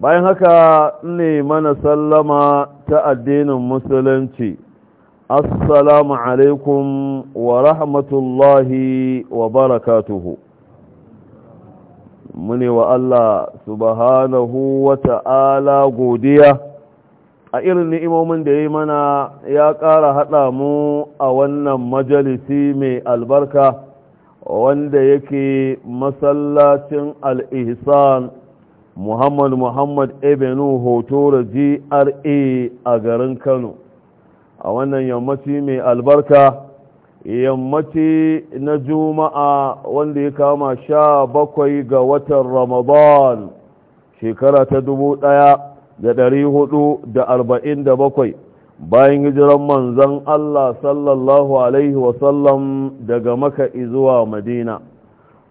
bayan haka ne mana sallama ta addinin musulunci assalamu alaikum wa rahmatullahi wa barakatuhu mune wa Allah subhanahu wa ta'ala godiya a irin ni'imomin da ya yi mana ya ƙara haɗa mu a wannan majalisi mai albarka wanda yake masallacin al al'ihsan muhammad muhammad ebenu hotora gra a garin kano a wannan yammaci mai albarka yammaci na juma'a wanda ya kama sha bakwai ga watan ramadan shekara ta dubu ɗaya da ɗari hudu da arba'in da bakwai bayan hijiran manzan allah sallallahu alaihi wasallam daga maka zuwa madina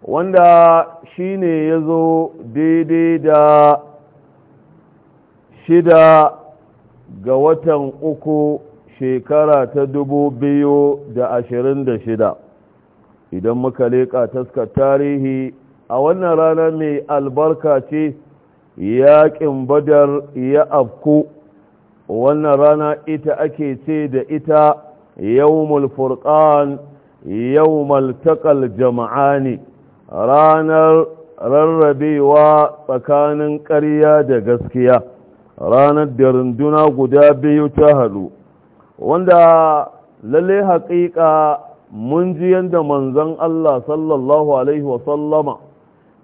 wanda shi ne ya zo daidai da shida ga watan uku shekara ta dubu biyu da ashirin da shida idan muka leƙa taskar tarihi a wannan rana mai albarka ce yaƙin badar ya afku wannan rana ita ake ce da ita yawmul furqan yawmal jama'a jama'ani ranar rarrabewa tsakanin ƙarya da gaskiya ranar da runduna guda biyu ta haɗu wanda lalle haƙiƙa mun ji yadda manzon Allah sallallahu alaihi wasallama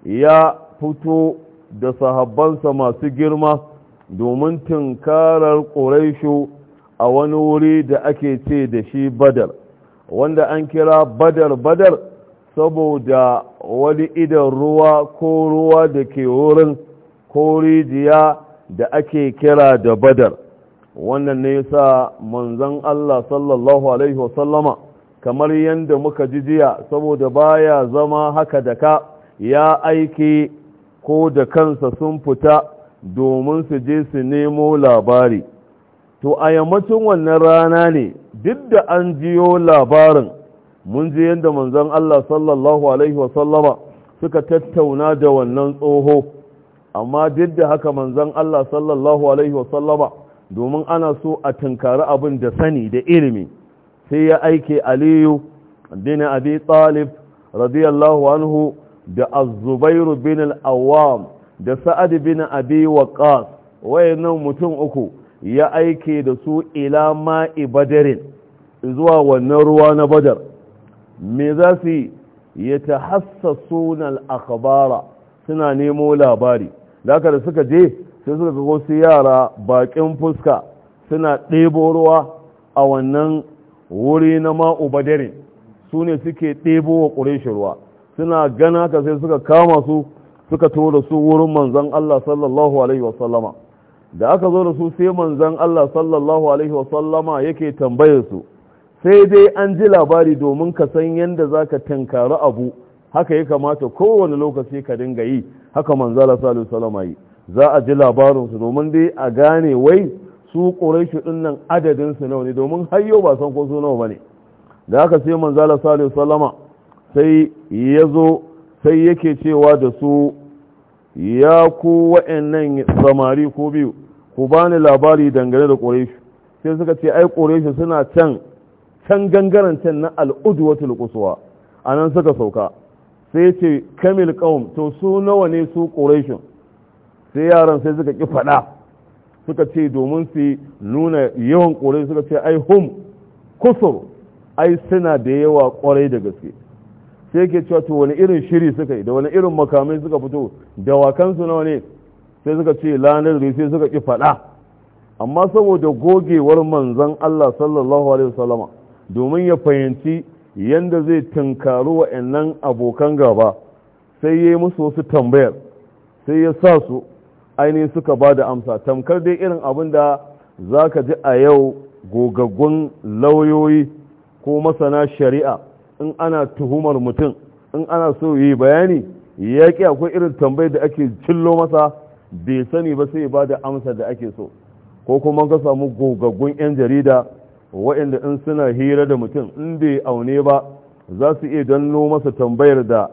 ya fito da sahabbansa masu girma domin tunkarar ƙuraishu a wani wuri da ake ce da shi badar wanda an kira badar badar saboda wani idan ruwa ko ruwa da ke wurin ko rijiya da ake kira da badar wannan ne sa manzon Allah sallallahu alaihi wasallama kamar yadda muka ji jiya saboda baya zama haka da ka ya aiki ko da kansa sun fita domin su je su nemo labari to a yammacin wannan rana ne duk da an jiyo labarin mun je yadda manzon Allah sallallahu alaihi wasallama suka tattauna da wannan tsoho amma duk da haka manzon Allah sallallahu alaihi wasallama domin ana so a tunkari abin da sani da ilimi sai ya aike aliyu bin abi talib radiyallahu anhu da az-zubairu bin al da sa'ad bin abi waqas wayannan mutum uku ya aike da su ila ma'i badarin zuwa wannan ruwa na badar me za su yi ya ta hassa sunan akabara suna nemo labari da da suka je sai suka ga wasu yara bakin fuska suna ɗebo ruwa a wannan wuri na ma'u dare su ne suke ɗebo wa ƙureshi ruwa suna gana ka sai suka kama su suka to da su wurin manzan Allah sallallahu alaihi wasallama da aka zo da su sai manzan Allah sallallahu alaihi wasallama yake tambayar su sai dai an ji labari domin ka san yadda za ka tankari abu haka ya kamata kowane lokaci ka dinga yi haka manzala salisu salama yi za a ji labarinsu domin dai a gane wai su ƙorashi ɗin nan adadinsu nawa ne domin har yau ba san ko su nawa ba ne da haka sai manzala salisu salama sai ya zo sai yake cewa da su ya ku wa'annan samari ko biyu ku bani labari dangane da ƙorashi sai suka ce ai ƙorashi suna can can gangaren can na al'udwatul a nan suka sauka sai ce kamil qaum to su nawa ne su ƙorashin sai yaran sai suka ƙi fada suka ce domin su nuna yawan ƙorai suka ce ai hum kusur ai suna da yawa ƙorai da gaske sai ke cewa to wani irin shiri suka yi da wani irin makamai suka fito da wakansu nawa ne sai suka ce lanar sai suka ƙi fada amma saboda gogewar manzon Allah sallallahu alaihi wasallama domin ya fahimci yadda zai tunkaru wa'annan abokan gaba sai ya yi musu wasu tambayar sai ya sa su ainihin suka ba da amsa tamkar dai irin abin da za ka ji a yau gogaggun lauyoyi ko masana shari'a in ana tuhumar mutum in ana so yi bayani ya ƙi akwai irin tambayar da ake cillo masa bai sani ba sai ba da amsa da ake so ko kuma ka samu gogaggun 'yan jarida waɗanda in suna hira da mutum in bai aune ba za su iya danno masa tambayar da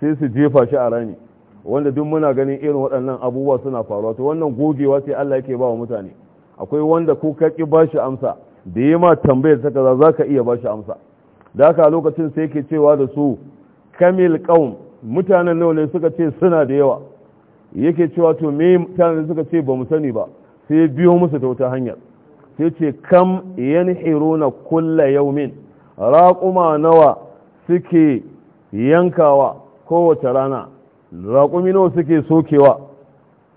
sai su jefa shi a rani wanda duk muna ganin irin waɗannan abubuwa suna faruwa to wannan gogewa sai Allah yake ba wa mutane akwai wanda ko ka ki bashi amsa da yi ma tambayar ta kaza za ka iya bashi amsa da haka lokacin sai ke cewa da su kamil kaum mutanen nawa ne suka ce suna da yawa yake cewa to me mutanen suka ce ba mu sani ba sai biyo musu ta wata hanyar sai ce kam yanhiruna kulla yaumin raƙuma nawa suke yankawa kowace rana raƙumi nawa suke sokewa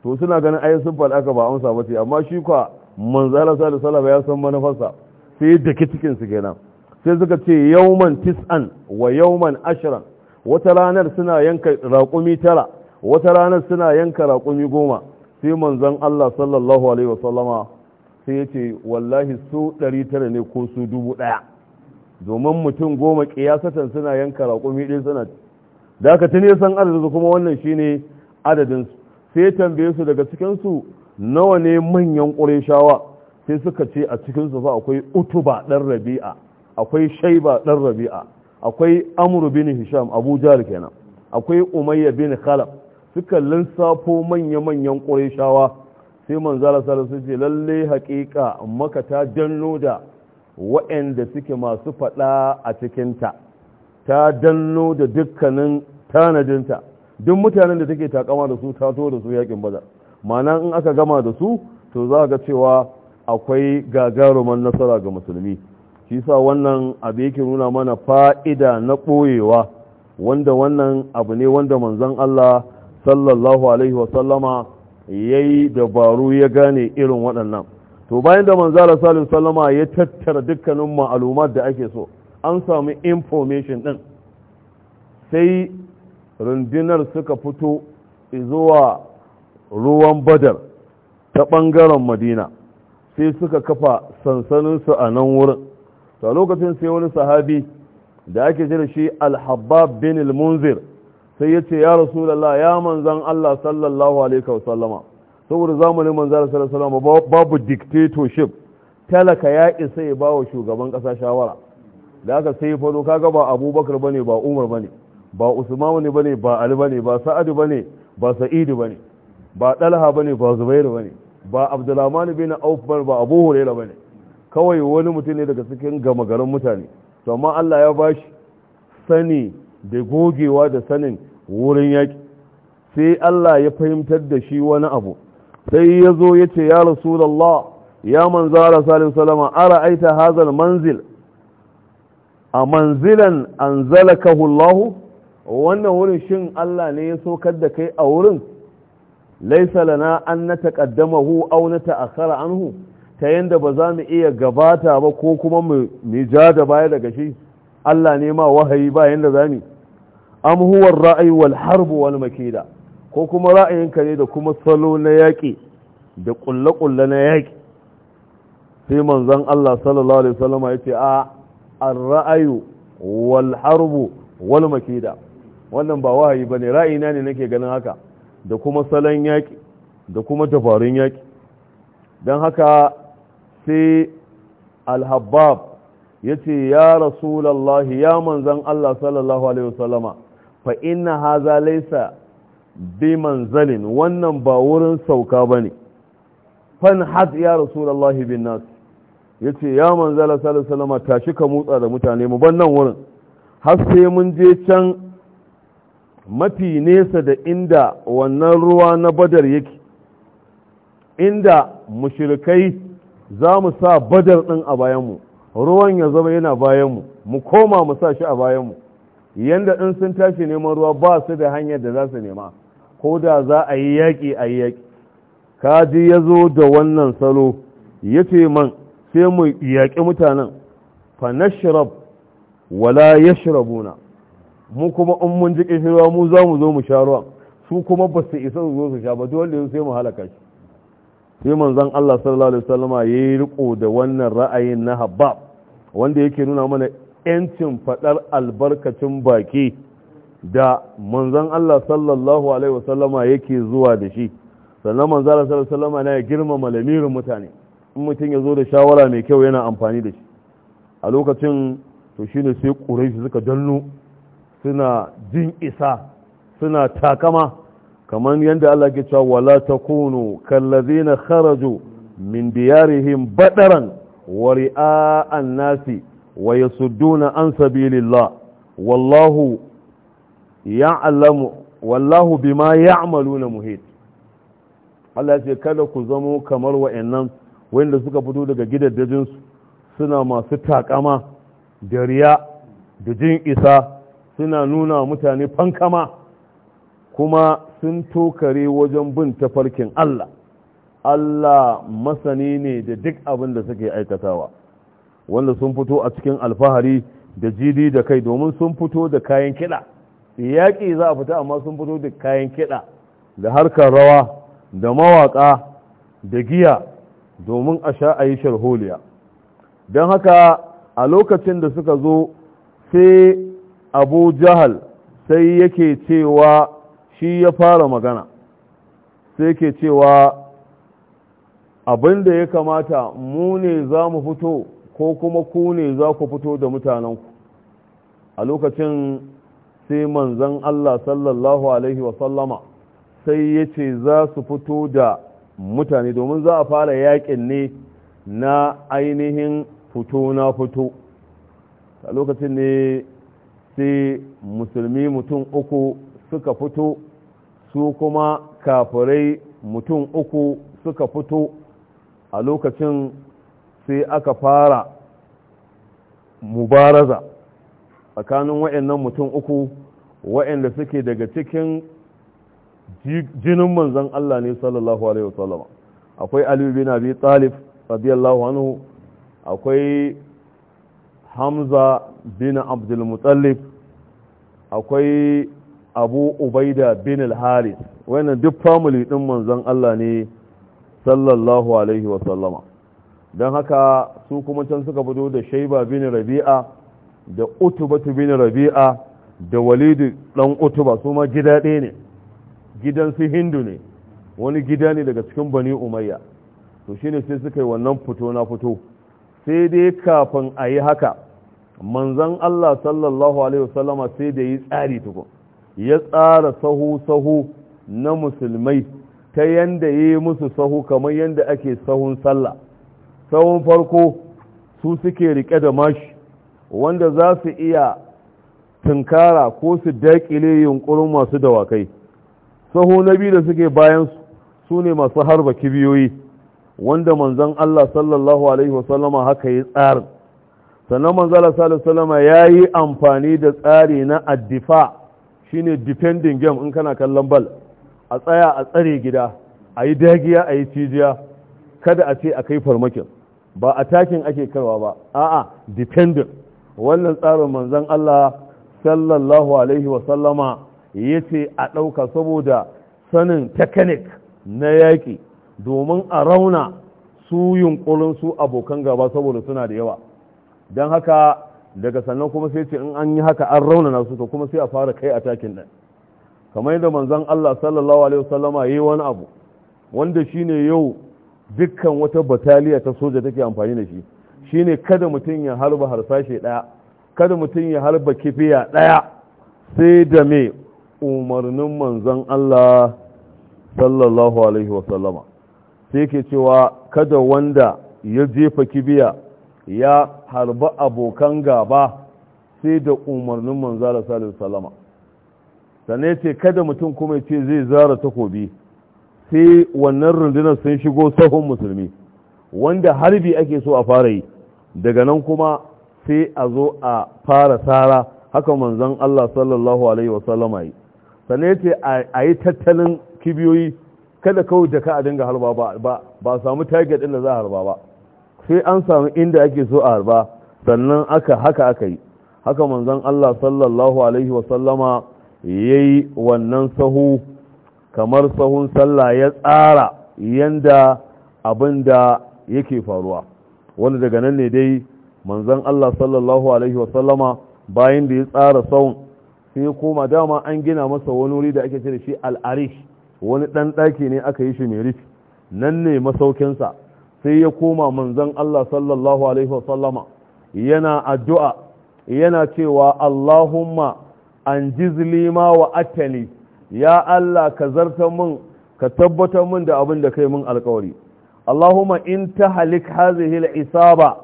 to suna ganin ayin sun aka ba amsa ba ce amma shi kwa manzala salisu salama ya san manufarsa sai da cikin su kenan sai suka ce yauman tis'an wa yauman ashirin wata ranar suna yanka raƙumi tara wata ranar suna yanka raƙumi goma sai manzon Allah sallallahu alaihi wa sallama. sai ya ce wallahi su ɗari tara ne ko su dubu ɗaya domin mutum goma ƙiyasatan suna yanka raƙumi ɗin suna da aka tuni san su kuma wannan shine adadinsu sai ya tambaye su daga cikinsu nawa ne manyan ƙureshawa sai suka ce a cikinsu fa akwai utuba ɗan rabi'a akwai shaiba ɗan rabi'a akwai amru bin hisham abu jihar kenan akwai umayya bin khalaf suka lissafo manya-manyan ƙureshawa sai manzala sallallahu ce lalle haƙiƙa maka ta danno da waɗanda suke masu faɗa a cikinta ta danno da dukkanin tanadinta duk mutanen da take takama da su tato da su yakin bazar ma'ana in aka gama da su to za ga cewa akwai gagaruman nasara ga musulmi shi sa wannan abu yake nuna mana fa'ida na ɓoyewa wanda wannan abu ne wanda manzon Allah sallallahu alaihi wasallama ya yi dabaru ya gane irin waɗannan to bayan da manzala salim salama ya tattara dukkanin ma'alumat da ake so an sami information ɗin sai rundunar suka fito zuwa ruwan badar ta ɓangaren madina sai suka kafa sansaninsu a nan wurin ta lokacin sai wani sahabi da ake jira shi alhabab bin al-munzir sai ya ce ya rasu rasulallah ya manzan Allah sallallahu alaihi wasallama saboda zamanin manzan sallallahu alaihi wasallama babu dictatorship talaka ya isa ya bawa shugaban kasa shawara da aka sai fado kaga ba Abubakar bane ba Umar bane ba Usman ne ba Ali bane ba Sa'ad bane ba Sa'id bane ba Talha bane ba Zubair bane ba Abdulrahman bin Auf bane ba Abu Hurairah bane kawai wani mutum ne daga cikin gama garin mutane to amma Allah ya bashi sani da gogewa da sanin wurin yaƙi sai Allah ya fahimtar da shi wani abu sai ya zo ya ce ya rasulallah ya manzara salim salama ara aita hazal manzil a manzilan an hulahu? wannan wurin shin Allah ne ya saukar da kai a wurin laisa lana an na taƙaddamahu au na ta'akhara anhu ta yanda ba za mu iya gabata ba ko kuma mu ja da baya daga shi Allah ne ma wahayi ba yanda za mu am huwa ra'ayi wal harb wal makida ko kuma ra'ayinka ne da kuma salo na yaƙi da ƙulle-ƙulle na yaƙi sai manzon Allah sallallahu alaihi wasallam ya ce a ar-ra'ayu wal harb wal makida wannan ba wahayi bane ra'ayina ne nake ganin haka da kuma salon yaƙi da kuma dabarun yaƙi don haka sai alhabab ya ce ya rasulallahi ya manzan Allah sallallahu Alaihi wasallama fa inna haza laysa bi manzalin wannan ba wurin sauka bane fan had ya rasulullahi bin nas yace ya manzala sallallahu alaihi wasallam ka motsa da mutane mu ban nan wurin mun je can mafi nesa da inda wannan ruwa na badar yake inda mushirikai za mu sa badar ɗin a bayanmu ruwan ya zama yana bayanmu mu koma mu sa shi a bayanmu yanda in sun tashi neman ruwa ba su da hanyar da za su nema ko da za a yi yaƙi a yi yaƙi kaji ya zo da wannan salo ya ce man sai mu yaƙi mutanen fa na shirab wala ya shirabuna mu kuma in mun ji kishirwa mu za mu zo mu sha ruwa su kuma ba su isa su zo su sha ba dole sai mu halaka shi sai manzon Allah sallallahu alaihi wasallama yayi riko da wannan ra'ayin na habab wanda yake nuna mana ‘yancin faɗar albarkacin baki da manzan Allah sallallahu Alaihi wasallama yake zuwa da shi sannan manzan Allah sallallahu Alaihi wasallama ya girmama malamirin mutane in mutum ya zo da shawara mai kyau yana amfani da shi a lokacin to shi ne sai ƙuraishi suka danno suna jin isa suna takama kamar yadda Allah ke cewa wala ta takunu kallazina kharaju min diyarihim badaran wari'a ri'a nasi wa yasudduna an sabilillah wallahu bima wallahu bima ya'maluna muhit Allah ce kada ku zamo kamar wa'annan wanda suka fito daga gidaddajin su suna masu taƙama da riya da jin isa suna nuna mutane fankama kuma sun tokare wajen bin tafarkin Allah Allah masani ne da duk abin da suke aikatawa wanda sun fito a cikin alfahari da jidi da kai domin sun fito da kayan kiɗa yaƙi za a fita amma sun fito da kayan kiɗa da harkar rawa da mawaƙa da giya domin a sha a yi sharholiya don haka a lokacin da suka zo sai abu jahal sai yake cewa shi ya fara magana sai ke cewa abin da ya kamata mu ne za mu fito ko kuma ku ne za ku fito da mutanenku a lokacin sai manzan Allah sallallahu Alaihi wasallama sai ya ce za su fito da mutane domin za a fara yakin ne na ainihin fito na fito a lokacin ne sai musulmi mutum uku suka fito su kuma kafirai mutum uku suka fito a lokacin sai aka fara mubaraza tsakanin wa'annan mutum uku wa'anda suke daga cikin jinin manzan Allah ne sallallahu alaihi wasallama akwai Ali bin abi talib radiyallahu anhu akwai hamza bin Muttalib akwai abu ubaida bin al harith wannan duk family din manzon Allah ne sallallahu alaihi wa sallama don haka su kuma can suka fito da shaiba bin rabi'a da utubatu bin rabi'a da walidu dan utuba su ma gida ɗaya ne gidan su hindu ne wani gida ne daga cikin bani umayya to shine sai suka yi wannan fito na fito sai dai kafin a yi haka manzan Allah sallallahu alaihi wasallama sai da yi tsari tukun ya tsara sahu-sahu na musulmai ta yanda yi musu sahu kamar yanda ake sahun sallah tsawon farko su suke rike da mashi wanda za su iya tunkara ko su daƙile yunkurin masu dawakai saho na biyu da suke bayan su ne masu harba kibiyoyi wanda manzon Allah sallallahu alaihi wasallama haka yi tsarin sannan manzan Allah sallallahu alaihi wasallama ya yi amfani da tsari na addifa shi ne defending game in kana kallon bal a tsaya a tsare gida a yi dagiya a yi cijiya kada a ce a kai farmakin ba a takin ake karwa ba a'a dependent wannan tsarin manzon Allah sallallahu alaihi wa sallama yace a ɗauka saboda sanin technique na yaki domin a rauna su yunƙurinsu su abokan gaba saboda suna da yawa don haka daga sannan kuma sai ce in an yi haka an rauna su to kuma sai a fara kai a takin nan kamar yadda manzon Allah sallallahu alaihi wa sallama yayi wani abu wanda shine yau dukkan wata bataliya ta soja take amfani da shi shine kada mutum ya harba harsashe daya kada mutum ya harba kifiya daya sai da me umarnin manzon Allah sallallahu alaihi wasallama sai ke cewa kada wanda ya jefa kibiya ya harba abokan gaba sai da umarnin manzon Allah sallallahu alaihi wasallama sannan ce kada mutum kuma ce zai zara takobi sai wannan rundunar sun shigo sahun musulmi wanda harbi ake so a fara yi daga nan kuma sai a zo a fara tsara haka manzan Allah sallallahu alaihi wasallama yi sannan yace a yi tattalin kibiyoyi kada kawai da ka a dinga harba ba ba samu target din da za a harba ba sai an samu inda ake so a harba sannan aka haka aka yi haka manzan Allah sallallahu alaihi wasallama yayi wannan sahu kamar sahun sallah ya tsara yanda abin da yake faruwa wani daga nan ne dai manzan Allah sallallahu alaihi wasallama bayan da ya tsara sahun sai ya koma dama an gina masa wani wuri da ake cire shi al'arish wani ɗan ɗaki ne aka yi shi mai rufi nan ne masaukinsa sai ya koma manzan Allah sallallahu alaihi wasallama yana addu'a yana cewa Allahumma an jizlima wa atani ya Allah ka zarta mun ka tabbatar mun da abin da kai mun alkawari Allahumma in tahlik hadhihi al-isaba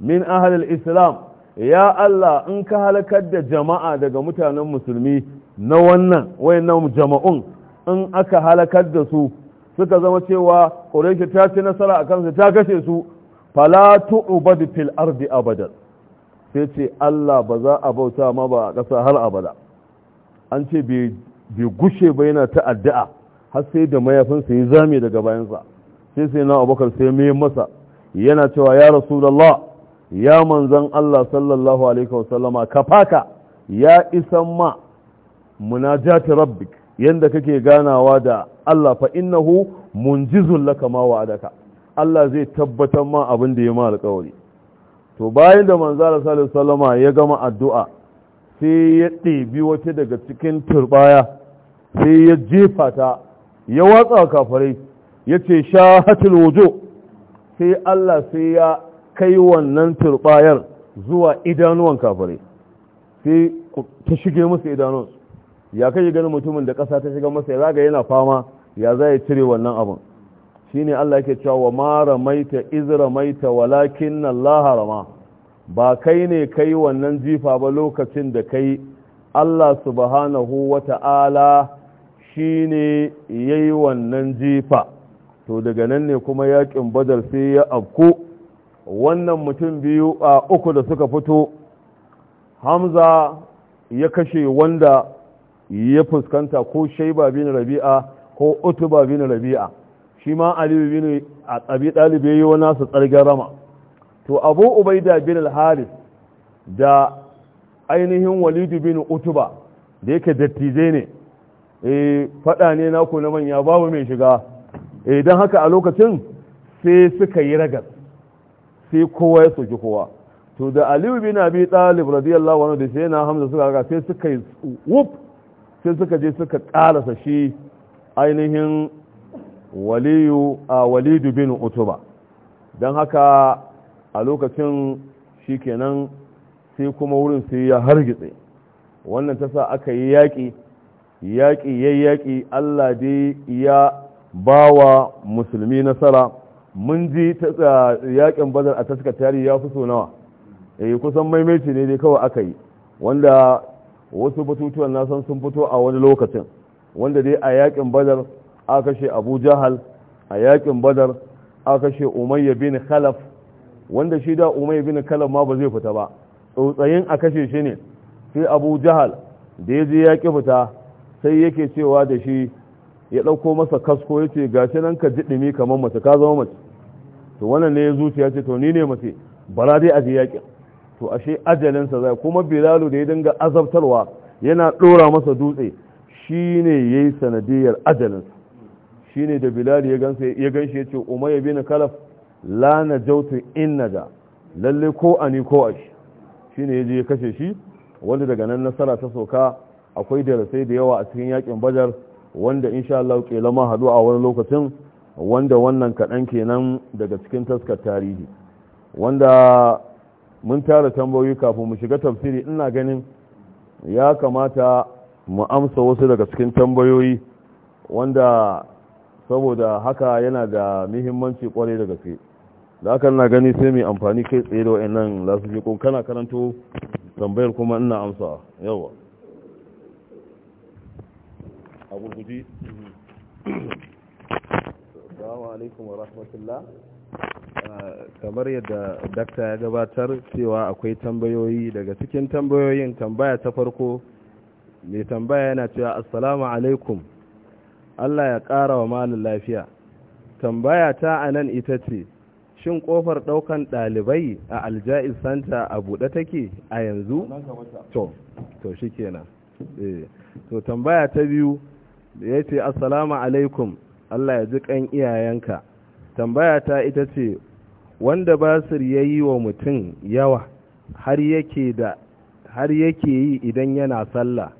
min ahli al-islam ya Allah in ka halakar da jama'a daga mutanen musulmi na wannan wayannan jama'un in aka halakar da su suka zama cewa Quraysh ta ci nasara a kansu ta kashe su fala tu'bad fil ardi abada sai ce Allah ba za a bauta ma ba a ƙasa har abada an ce bai bai gushe ba yana ta addu'a har sai da mayafinsa ya zame daga bayansa sai sai na abokan sai mai masa yana cewa ya rasulullah ya manzan Allah sallallahu alaihi wasallama ka faka ya isan ma munajati rabbik yanda kake ganawa da Allah fa innahu munjizul laka ma wa'adaka Allah zai tabbatar ma abin da ya ma alƙawari to bayan da manzara sallallahu alaihi wasallama ya gama addu'a sai ya ɗebi wata daga cikin turbaya sai ya jefa ta ya watsa kafirai ya ce shahatul wujo sai Allah sai ya kai wannan turbayar zuwa idanuwan kafirai sai ta shige musu idanuwan ya kai ganin mutumin da ƙasa ta shiga masa ya zaga yana fama ya za ya cire wannan abin shine Allah yake cewa wa ma ramaita iz ramaita walakin Allah rama ba kai ne kai wannan jifa ba lokacin da kai Allah subhanahu wa ta'ala. shi ne ya yi wannan jefa to daga nan ne kuma yakin badar sai ya afku? wannan mutum biyu a uku da suka fito hamza ya kashe wanda ya fuskanta ko shaiba bin rabi'a ko utuba bin rabi'a shi ma aliyu bin abi tsabi ya yi wani nasa tsargin rama to abu ubaida bin al-haris da ainihin walidu bin utuba da yake dattijai ne eh fada ne naku na manya babu mai shiga eh don haka a lokacin sai suka yi ragar sai kowa ya soki kowa to da aliyu bin abi talib radiyallahu anhu da sai na hamza suka raga sai suka yi wuf sai suka je suka karasa shi ainihin waliyu a walidu bin utuba don haka a lokacin shi kenan sai kuma wurin sai ya hargitse wannan tasa aka yi yaƙi yaƙi ya yaƙi Allah dai ya ba wa musulmi nasara mun ji yaƙin bazar a taska tarihi ya fi so nawa e kusan maimaici ne dai kawai aka yi wanda wasu batutuwan nasan sun fito a wani lokacin wanda dai a yaƙin bazar aka kashe abu jahal a yaƙin bazar aka kashe umayya bin khalaf wanda shi da umayya bin khalaf ma ba zai fita ba tsautsayin a kashe shi ne sai abu jahal da ya je yaƙi fita sai yake cewa da shi ya ɗauko masa kasko ya ce gashi nan ka ji ɗumi kamar mace ka zama mace to wannan ne ya zuciya ce to ni ne mace bara dai aje yaƙin to ashe ajalinsa zai kuma bilalu da ya dinga azabtarwa yana ɗora masa dutse shi ne ya yi sanadiyar ajalinsa shi ne da bilal ya gan shi ya ce umayya bin kalaf la na jautu in na da lalle ko ani ko a shi ne ya je ya kashe shi wanda daga nan nasara ta sauka. akwai darasai da yawa a cikin yakin badar wanda insha Allah kila ma hadu a wani lokacin wanda wannan kaɗan kenan daga cikin taskar tarihi wanda mun tara tambayoyi kafin mu shiga tafsiri ina ganin ya kamata mu amsa wasu daga cikin tambayoyi wanda saboda haka yana da muhimmanci kwarai da gaske da haka na gani sai mai amfani kai tsaye da wa'annan lasu kana karanto tambayar kuma ina amsa yawa gurguje alaikum wa rahmatullah kamar yadda dakta ya gabatar cewa akwai tambayoyi daga cikin tambayoyin tambaya ta farko mai tambaya yana cewa assalamu alaikum Allah ya ƙara wa malin lafiya tambaya ta a nan ita ce shin ƙofar ɗaukan ɗalibai a aljais santa a buɗe take a yanzu to to shi kenan eh, to tambaya ta biyu ya ce assalamu alaikum Allah ya ji kan iyayenka tambaya ta ita ce wanda basir ya yi wa mutum yawa har yake yi idan yana sallah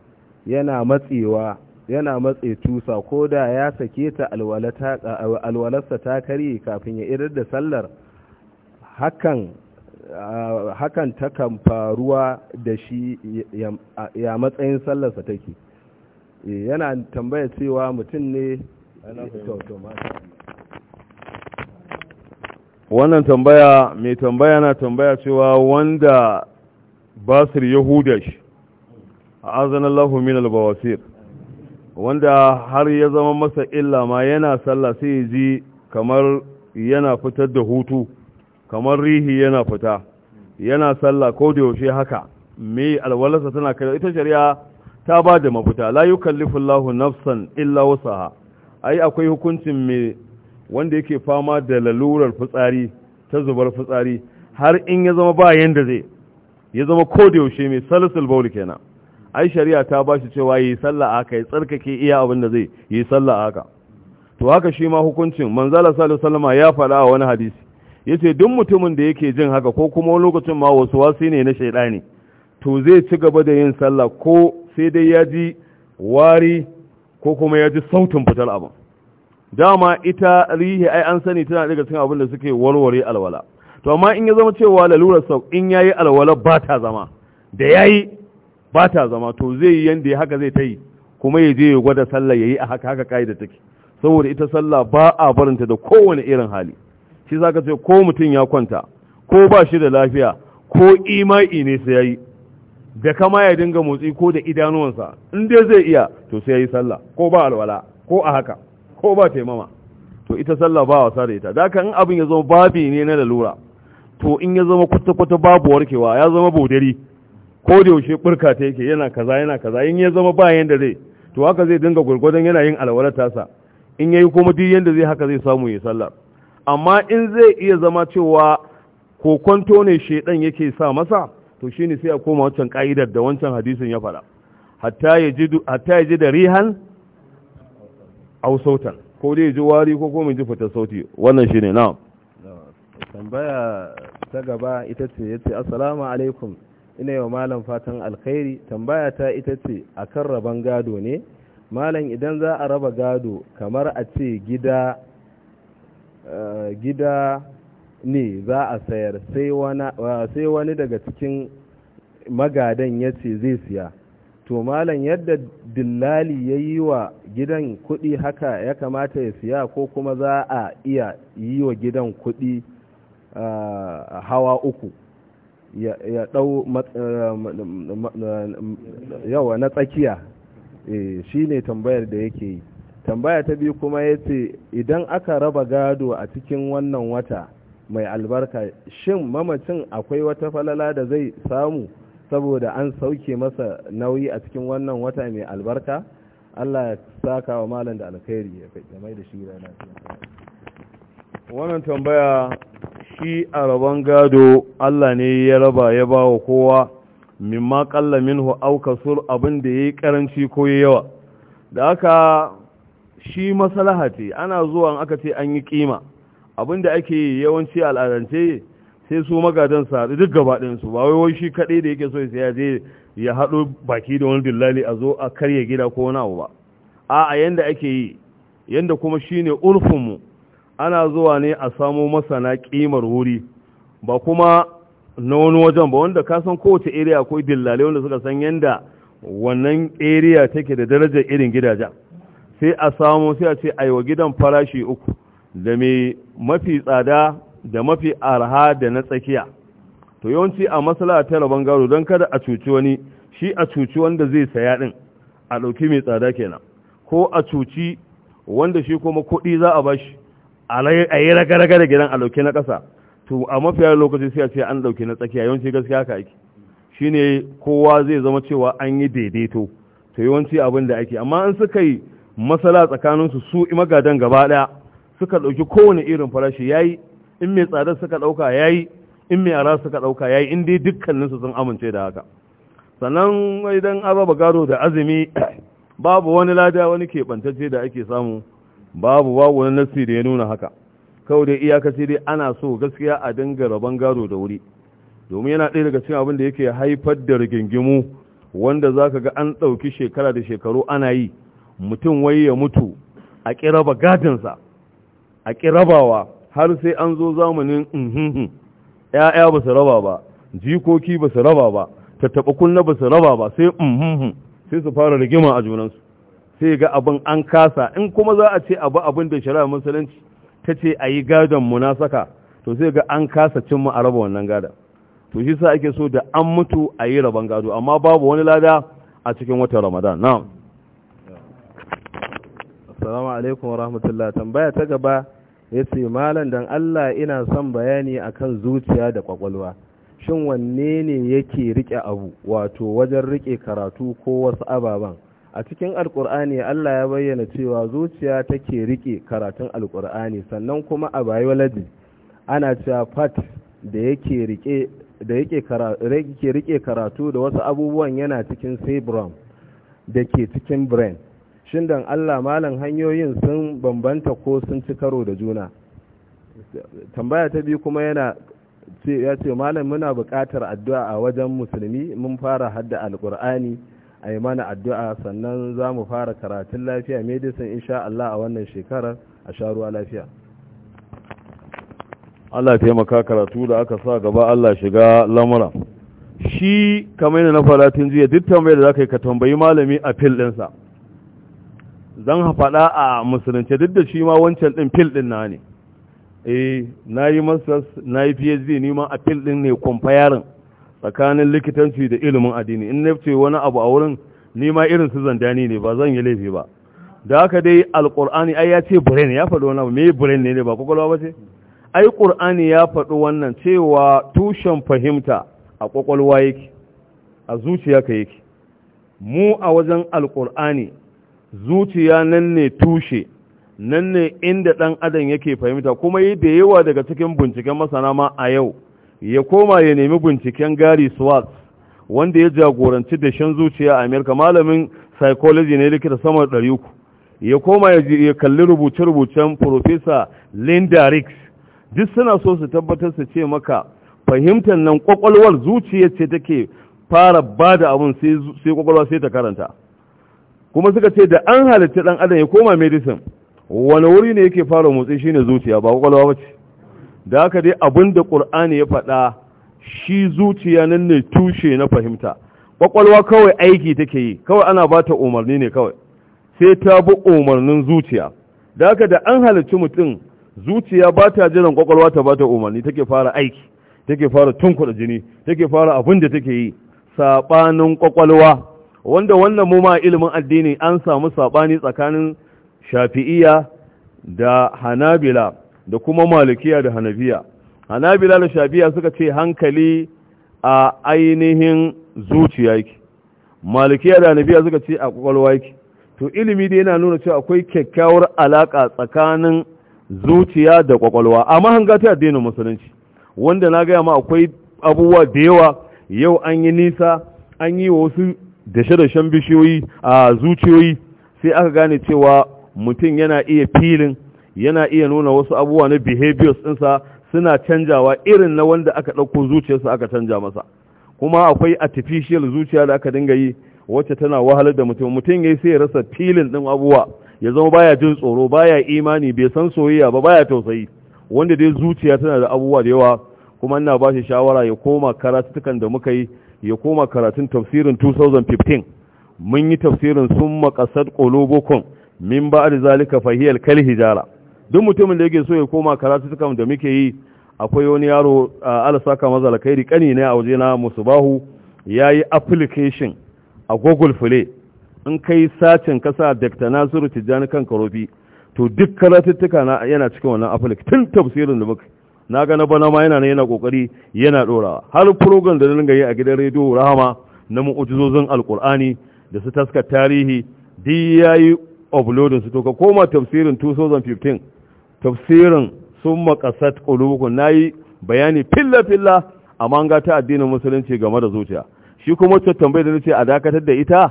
yana matsewa yana matse tusa ko da ya sake ta alwalarsa ta kare kafin ya idar da sallar hakan hakan takan faruwa da shi ya matsayin sallarsa take Eh, yana tambaya cewa mutum ne wannan tambaya mai tambaya na tambaya cewa wanda basir yahudash a azanallahu min albawasir wanda har ya zama masa illa ma yana sallah sai ya ji kamar yana fitar da hutu kamar rihi yana fita yana sallah ko da yaushe haka me alwalarsa tana kai ita shari'a ta ba da mafita la yukallifullahu nafsan illa wasaha ai akwai hukuncin mai wanda yake fama da lalurar fitsari ta zubar fitsari har in ya zama ba yanda zai ya zama ko da yaushe mai salisul baul kenan ai shari'a ta ba shi cewa yi sallah haka ya tsarkake iya abin da zai yi sallah aka to haka shi ma hukuncin manzala sallallahu alaihi ya faɗa a wani hadisi yace duk mutumin da yake jin haka ko kuma lokacin ma wasu wasi ne na ne to zai ci gaba da yin sallah ko sai dai ya ji wari ko kuma ya ji sautin fitar abin dama ita rihi ai an sani tana daga cikin abin da suke warware alwala to amma in ya zama cewa lalurar sau in ya yi alwala ba ta zama da ya yi ba ta zama to zai yi ya haka zai ta yi kuma ya je ya gwada sallah ya yi a haka haka kaida take saboda ita sallah ba a barinta da kowane irin hali shi za ka ce ko mutum ya kwanta ko ba shi da lafiya ko imai ne sai yi. da kama ya dinga motsi ko da idanuwansa in dai zai iya to sai ya yi sallah ko ba alwala ko a haka ko ba taimama to ita sallah ba wasa da ita da in abin ya zama babi ne na lalura to in ya zama kwata-kwata babu warkewa ya zama bodari ko da yaushe burka ta yake yana kaza yana kaza in ya zama ba yanda zai to haka zai dinga gurgurdan yana yin alwala tasa in yayi kuma duk yanda zai haka zai samu ya sallah. amma in zai iya zama cewa kokonto ne shedan yake sa masa to ne sai a koma wancan ƙa'idar da wancan hadisun ya fara hatta ya ji da rihan au ko dai ya ji wari ko kuma ji fitar sauti wannan shi ne na'am tambaya ta gaba ita ce ya ce assalamu alaikum ina yau malam fatan alkhairi tambaya ta ita ce a kan rabon gado ne malam idan za a raba gado kamar a ce gida eh, gida ne za a sayar sai wani daga cikin magadan ya ce zai siya to malam yadda dillali ya yi wa gidan kudi haka ya kamata ya siya ko kuma za a iya yi wa gidan kudi hawa uku ya dau yawa na tsakiya eh, shi ne tambayar da yake yi tambaya ta biyu kuma ya ce idan aka raba gado a cikin wannan wata mai albarka shin mamacin akwai wata falala da zai samu saboda an sauke masa nauyi a cikin wannan wata mai albarka Allah ya saka wa malam da alkhairi ya mai da shi rana wannan tambaya shi a rabon gado Allah ne ya raba ya ba wa kowa mimma qalla minhu aw kasur abin da yayi karanci ko yawa da haka shi maslaha ce ana zuwa aka ce an yi kima da ake yawanci al'adance sai su magadan su duk gaba su ba wai wai shi kaɗai da yake so ya je ya haɗo baki da wani dillali a zo a karya gida ko wani abu ba a a yanda ake yi yanda kuma shi ne urfinmu ana zuwa ne a samo masana ƙimar wuri ba kuma na wani wajen ba wanda ka san kowace area akwai dillalai wanda suka san yanda wannan area take da darajar irin gidajen sai a samu sai a ce aiwa gidan farashi uku da mai mafi tsada da mafi arha da na tsakiya to yawanci a masala ta rabon gado don kada a cuci wani shi a cuci wanda zai saya din a ɗauki mai tsada kenan ko a cuci wanda shi kuma kuɗi za a bashi a yi ragaraga da gidan a ɗauki na ƙasa to a mafiya lokaci sai a ce an ɗauki na tsakiya yawanci gaskiya haka ake ne kowa zai zama cewa an yi daidaito to yawanci abin da ake amma in suka yi masala tsakaninsu su magadan gaba ɗaya suka ɗauki kowane irin farashi ya yi in mai tsada suka ɗauka ya yi in mai ara suka ɗauka ya yi in dai dukkaninsu sun amince da haka sannan idan ababa gado da azumi babu wani lada wani keɓantacce da ake samu babu babu wani nasi da ya nuna haka kawai dai iyakaci dai ana so gaskiya a dinga rabon gado da wuri domin yana ɗaya daga cikin abin da yake haifar da rigingimu wanda za ka ga an ɗauki shekara da shekaru ana yi mutum wai ya mutu a ƙiraba gadinsa a ƙi rabawa har sai an zo zamanin mhm ya'ya ba su raba ba jikoki ba su raba ba tattaɓa kunna ba su raba ba sai mhm sai su fara rigima a junansu sai ga abin an kasa in kuma za a ce abu abin da shari'a musulunci ta ce a yi gadon munasaka to sai ga an kasa cimma a raba wannan gadon to shi sa ake so da an mutu a yi raban gado amma babu wani lada a cikin watan ramadan na'am assalamu alaikum wa rahmatullah tambaya ta gaba ya ce malam don Allah ina son bayani akan zuciya da kwakwalwa shin wanne ne yake rike abu wato wajen rike karatu ko wasu ababen a cikin alkur'ani Allah ya bayyana cewa zuciya take rike karatun alkur'ani sannan kuma a biology ana cewa part da yake rike da yake rike karatu da wasu abubuwan yana cikin cerebrum da ke cikin brain shin dan Allah malam hanyoyin sun bambanta ko sun ci karo da juna tambaya ta biyu kuma yana ya ce malam muna buƙatar addu'a a wajen musulmi mun fara hadda alƙur'ani a yi mana addu'a sannan za mu fara karatun lafiya medicine insha Allah a wannan shekarar a sharuwa lafiya Allah taimaka karatu da aka sa gaba Allah shiga lamura shi kamar yana na falatin jiya duk tambayar da za ka yi ka tambayi malami a fil ɗinsa zan faɗa a musulunci duk da shi ma wancan ɗin fil ɗin na ne eh na yi masas na yi phd ni ma a fil ɗin ne kwamfayarin tsakanin likitanci da ilimin addini in na ce wani abu a wurin ni ma irin su zandani ne ba zan yi laifi ba da haka dai alƙur'ani ai ya ce brain ya faɗi wani abu me brain ne ne ba kwakwalwa ba ce ai ƙur'ani ya faɗi wannan cewa tushen fahimta a kwakwalwa yake a zuciya ka yake mu a wajen alƙur'ani zuciya nan ne tushe nan ne inda ɗan adam yake fahimta kuma yi da yawa daga cikin binciken masana ma a yau ya koma ya nemi binciken gari swartz wanda ya jagoranci dashen zuciya a amerika malamin psychology ne likita sama da uku ya koma ya kalli rubuce-rubucen profesa linda ricks duk suna so su tabbatar su ce maka fahimtar nan kwakwalwar zuciya ce take fara ba da abin sai kwakwalwa sai ta karanta kuma suka ce da an halitta dan adam ya koma medicine wani wuri ne yake fara motsi shine zuciya ba kwakwalwa ba ce da haka dai abinda qur'ani ya faɗa shi zuciya nan ne tushe na fahimta kwakwalwa kawai aiki take yi kawai ana ba ta umarni ne kawai sai ta bi umarnin zuciya da haka da an halitta mutum zuciya ba ta jiran kwakwalwa ta ba ta umarni take fara aiki take fara tunkuɗa jini take fara abin da take yi saɓanin kwakwalwa wanda wannan mu ma ilimin addini an samu sabani tsakanin shafi'iyya da hanabila da kuma malikiya da hanafiya hanabila da shafi'iyya suka ce hankali a ainihin zuciya yake malikiya da hanafiya suka ce a kwakwalwa yake to ilimi da yana nuna cewa akwai kyakkyawar alaka tsakanin zuciya da kwakwalwa amma hanga ta addinin musulunci wanda na gaya ma akwai abubuwa da yawa yau an yi nisa an yi wasu dashe-dashen bishiyoyi a zuciyoyi sai aka gane cewa mutum yana iya filin yana iya nuna wasu abubuwa na behaviors ɗinsa suna canjawa irin na wanda aka ɗauko zuciyarsa aka canja masa kuma akwai artificial zuciya da aka dinga yi wacce tana wahalar da mutum mutum ya sai rasa filin ɗin abubuwa ya zama baya jin tsoro baya imani bai san soyayya ba baya tausayi wanda dai zuciya tana da abubuwa da yawa kuma ina ba shi shawara ya koma karatukan da muka yi ya koma karatun tafsirin 2015 mun yi tafsirin sun makasar ƙolobokon min ba da zalika fahiyar hijara, duk mutumin da yake so ya koma karatu tukan da muke yi akwai wani yaro a alasaka maza alkhairi kani ne a waje na musubahu ya yi application a google play in kai sacin kasa dakta nasiru tijjani kan karofi to duk karatuttuka yana cikin wannan application tafsirin da muka na ga na bana ma yana ne yana kokari yana dorawa har program da dinga yi a gidan rediyo rahama na mu'ujizozin alkur'ani da su taskar tarihi di yayi uploading su to ka koma tafsirin 2015 tafsirin summa qasat qulubukum nayi bayani filla filla amma ga ta addinin musulunci game da zuciya shi kuma wacce tambayar da nace a dakatar da ita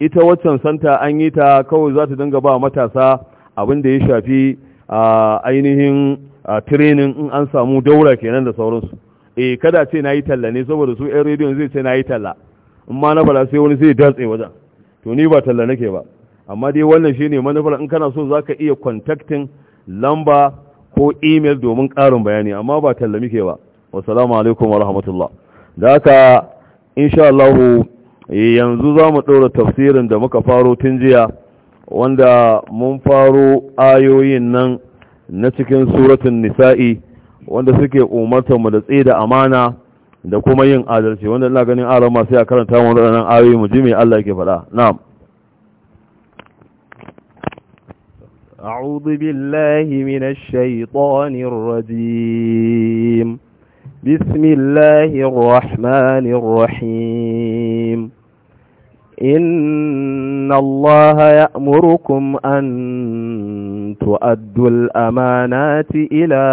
ita waccan santa an yi ta kawai za ta dinga ba matasa abin da ya shafi a ah, ainihin a training in an samu daura kenan da sauransu eh kada ce na yi talla ne saboda su yan rediyon zai ce na yi talla in ma na fara sai wani zai datse wajen to ni ba talla nake ba amma dai wannan shine manufar in kana so zaka iya contacting lamba ko email domin karin bayani amma ba talla muke ba salamu alaikum wa rahmatullah da haka insha Allah eh, yanzu za mu tafsirin da muka faro tun jiya wanda mun faro ayoyin nan na cikin suratun nisa'i wanda suke umartar mu da tsaye da amana da kuma yin adalci wanda ina ganin alama sai a karanta mu waɗannan ayoyi mu ji me Allah yake faɗa na'am أعوذ بالله من الشيطان الرجيم بسم الله الرحمن الرحيم إن الله يأمركم أن تؤدوا الأمانات إلى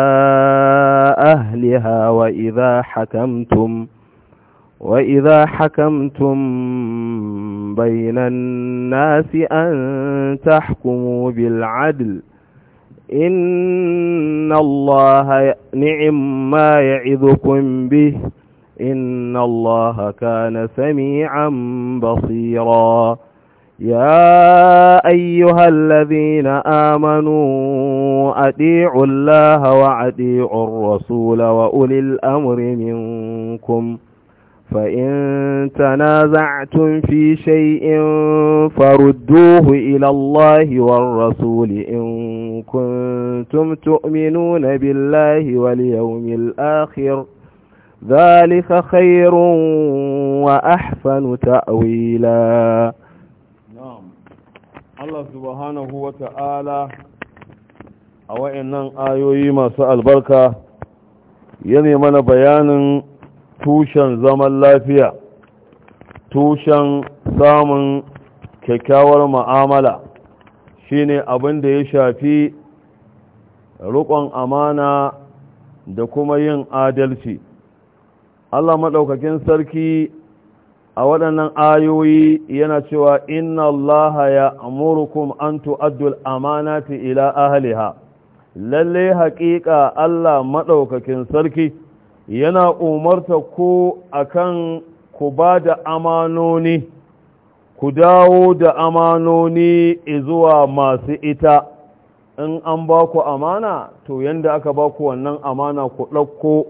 أهلها وإذا حكمتم وإذا حكمتم بين الناس أن تحكموا بالعدل إن الله نعم ما يعظكم به إن الله كان سميعا بصيرا يا أيها الذين آمنوا أديعوا الله وأديعوا الرسول وأولي الأمر منكم فإن تنازعتم في شيء فردوه إلى الله والرسول إن كنتم تؤمنون بالله واليوم الآخر ذلك خير وأحسن تأويلا نعم الله سبحانه وتعالى أوئنا آيوي ما سأل بركة يعني من بيان توشا زمن فيها توشا سامن kyakkyawar ma'amala shine abin da ya shafi rukon amana da kuma yin adalci Allah maɗaukakin sarki a waɗannan ayoyi yana cewa inna Allah ya amurkum an tu'addul amanati ila ahliha lalle haƙiƙa Allah maɗaukakin sarki yana umarta ku akan ku ba da amanoni ku dawo da amanoni zuwa masu ita in an ba ku amana to yanda aka ba ku wannan amana ku ɗauko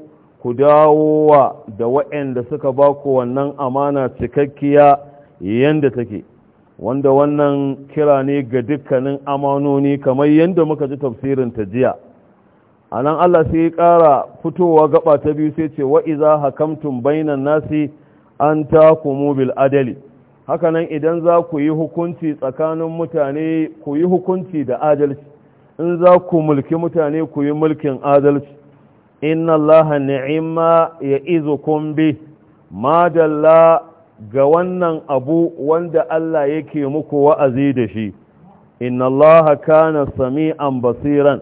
ku dawo wa da waɗanda suka ba ku wannan amana cikakkiya yadda take wanda wannan kira ne ga dukkanin amanoni kamar yadda muka ji tafsirin ta jiya a nan Allah sai ya ƙara fitowa gaba ta biyu sai ce wa'iza hakamtun bainan nasi an ta kumu bil adali hakanan idan za ku yi hukunci tsakanin mutane ku yi hukunci da adalci in za ku mulki mutane ku yi mulkin adalci inna allaha ya ya'izukum bi ma dalla ga wannan abu wanda Allah yake muku wa'azi da shi inna allaha kana sami'an basiran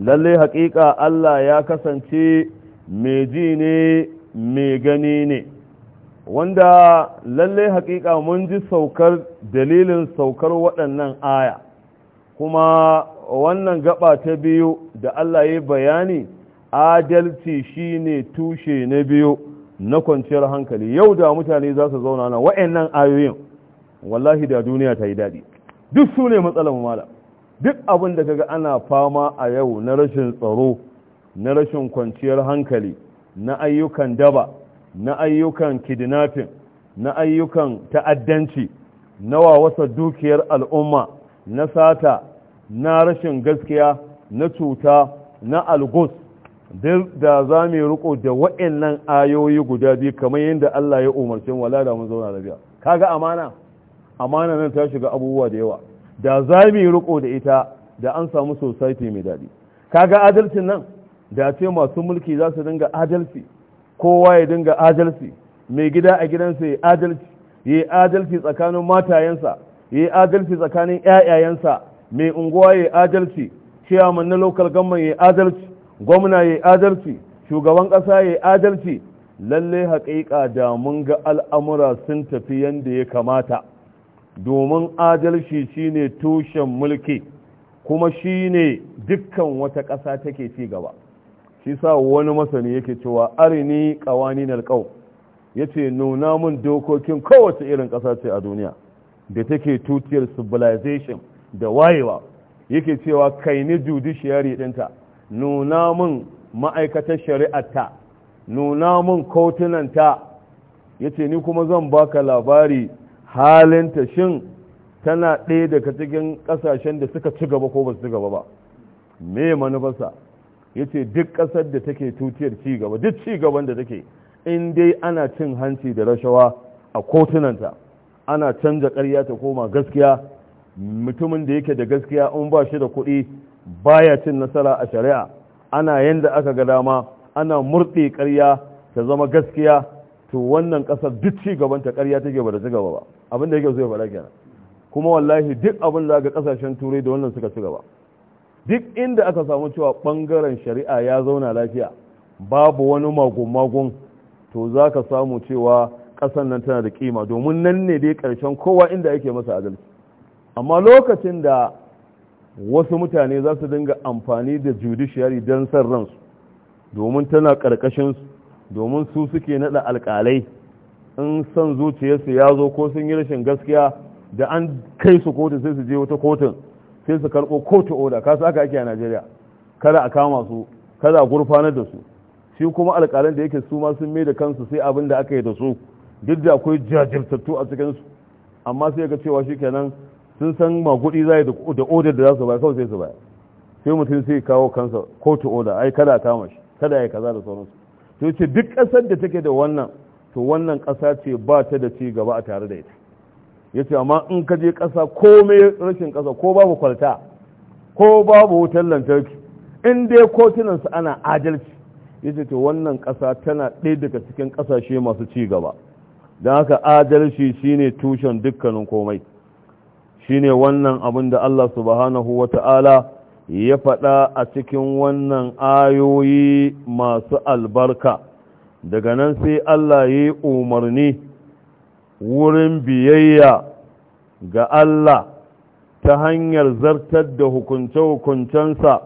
lalle haƙiƙa Allah ya kasance mai ji ne mai gani ne wanda lalle haƙiƙa mun ji saukar dalilin saukar waɗannan aya kuma wannan gaba ta biyu da Allah ya bayani adalci shine tushe na biyu na kwanciyar hankali yau da mutane za su zauna na wa'annan ayoyin wallahi da duniya ta yi daɗi duk su ne matsalar mala duk abin da kaga ana fama a yau na rashin tsaro na rashin kwanciyar hankali na ayyukan daba na ayyukan kidnapping na ayyukan ta'addanci na wawasa dukiyar al'umma na sata na rashin gaskiya na cuta na algus duk da za mu riko da waɗannan ayoyi guda biyu kamar yadda Allah ya umarci, mu wala da mun zauna lafiya kaga amana amana nan ta shiga abubuwa da yawa da za mu riko da ita da an samu society mai daɗi kaga adalcin nan da ce masu mulki za su dinga adalci kowa ya dinga adalci mai gida a gidansa ya adalci ya adalci tsakanin matayensa ya adalci tsakanin ƴaƴayensa mai unguwa ya adalci ciyaman na local government ya adalci gwamna ya adalci shugaban ƙasa ya adalci lalle haƙiƙa da mun ga al'amura sun tafi yadda ya kamata domin adalci shine tushen mulki kuma shine dukkan wata ƙasa take ci gaba shi sa wani masani yake cewa arini ƙawanin alƙau ya ce nuna mun dokokin kowace irin ƙasa ce a duniya da take tutiyar civilization da wayewa yake cewa kai kaini judiciary ɗinta nuna mun ma'aikatar shari'arta nuna mun kotunanta ya ce ni kuma zan baka labari halinta shin tana ɗaya daga cikin ƙasashen da suka ci gaba ko ba su ci gaba ba me manufarsa ya ce duk ƙasar da take tutiyar ci gaba duk ci gaban da take in dai ana cin hanci da rashawa a kotunanta ana canza ƙarya ta koma gaskiya mutumin da yake da gaskiya in ba shi da kuɗi baya cin nasara a shari'a ana yanda aka ga dama ana murɗe ƙarya ta zama gaskiya to wannan ƙasar duk ci gaban ta ƙarya take ba da ci gaba ba abin da yake zai faɗa kenan kuma wallahi duk abin da ga ƙasashen turai da wannan suka ci gaba duk inda aka samu cewa bangaren shari'a ya zauna lafiya babu wani magun-magun to za ka samu cewa ƙasar nan tana da kima domin nan ne dai ƙarshen kowa inda ake masa adalci amma lokacin da wasu mutane za su dinga amfani da judiciary don san ransu domin tana su domin su suke naɗa alƙalai in son zuciyarsu ya zo ko sun yi rashin gaskiya da an kai su kotu sai su je wata kotun sai su karɓo kotu oda kasu aka ake a najeriya kada a kama su kada a gurfanar da su shi kuma alƙalan da yake su ma sun mai da kansu sai abin da aka yi da su duk da akwai jajirtattu a cikinsu amma sai ga cewa shi kenan sun san ma kuɗi za da odar da za su bayar kawai sai su bayar sai mutum sai kawo kansa ko to oda ai kada a kama shi kada ya kaza da sauransu to ce duk ƙasar da take da wannan to wannan ƙasa ce ba ta da ci gaba a tare da ita ya ce amma in ka je ƙasa komai rashin ƙasa ko babu kwalta ko babu wutar lantarki in dai kotunan su ana adalci yace to wannan ƙasa tana ɗaya daga cikin ƙasashe masu ci gaba don haka adalci shine tushen dukkanin komai shine wannan abin da Allah subhanahu wa ta'ala ya faɗa a cikin wannan ayoyi masu albarka daga nan sai Allah ya yi umarni wurin biyayya ga Allah ta hanyar zartar da hukunce-hukuncensa